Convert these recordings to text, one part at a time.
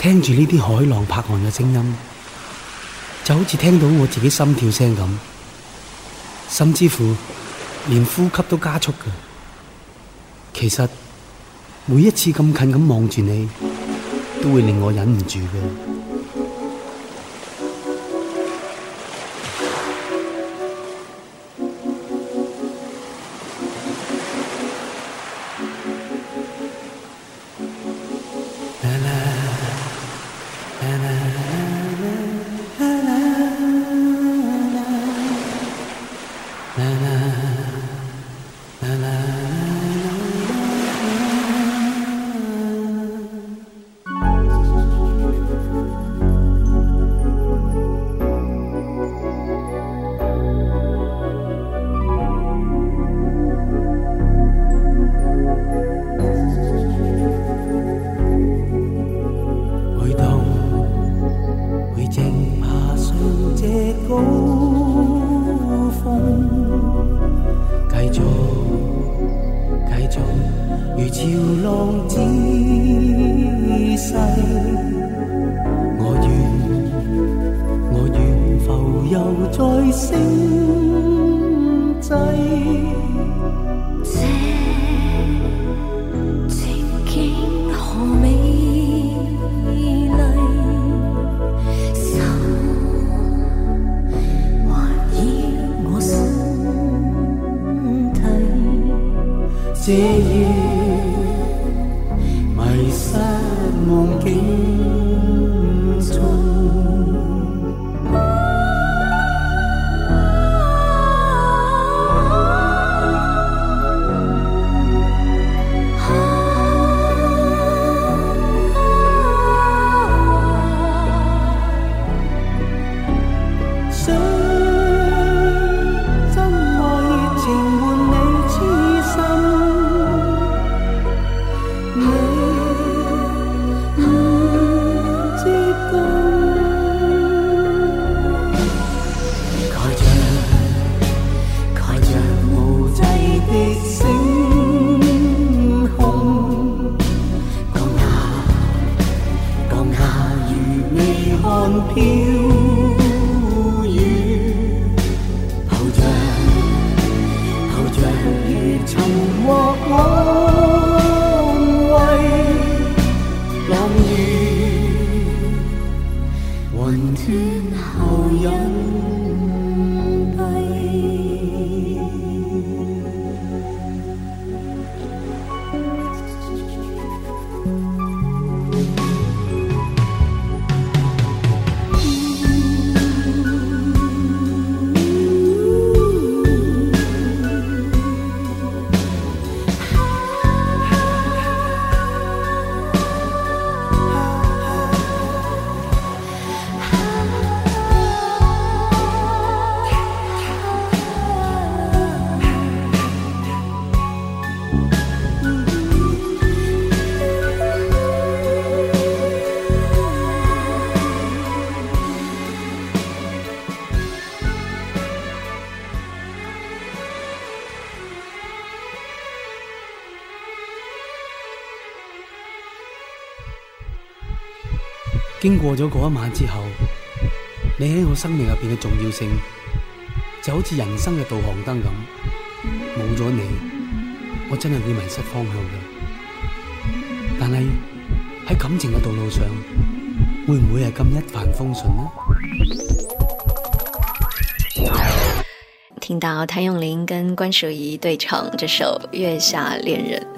聽住呢啲海浪拍岸嘅聲音，就好似聽到我自己心跳聲咁，甚至乎連呼吸都加速嘅。其實每一次咁近咁望住你，都會令我忍唔住嘅。經過咗嗰一晚之後，你喺我生命入邊嘅重要性就好似人生嘅導航燈咁，冇咗你，我真係會迷失方向嘅。但係喺感情嘅道路上，會唔會係咁一帆風順呢？聽到譚詠麟跟關淑怡對唱這首《月下戀人》。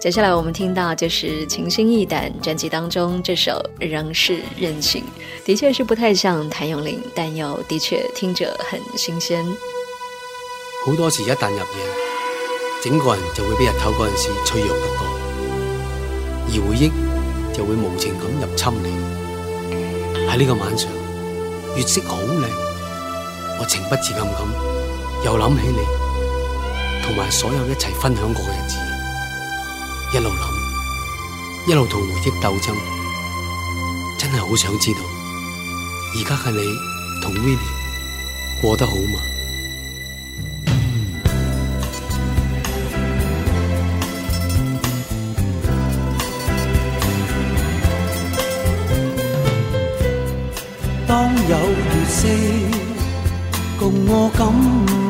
接下來我們聽到就是《情心義膽》專輯當中這首《仍是任性》，的確是不太像譚詠麟，但又的確聽着很新鮮。好多時一旦入夜，整個人就會比日頭嗰陣時脆弱得多，而回憶就會無情咁入侵你。喺呢個晚上，月色好靚，我情不自禁咁又諗起你，同埋所有一齊分享過嘅日子。一路諗，一路同回憶鬥爭，真係好想知道，而家嘅你同 Vivi 過得好嘛？當有月色，共我噉。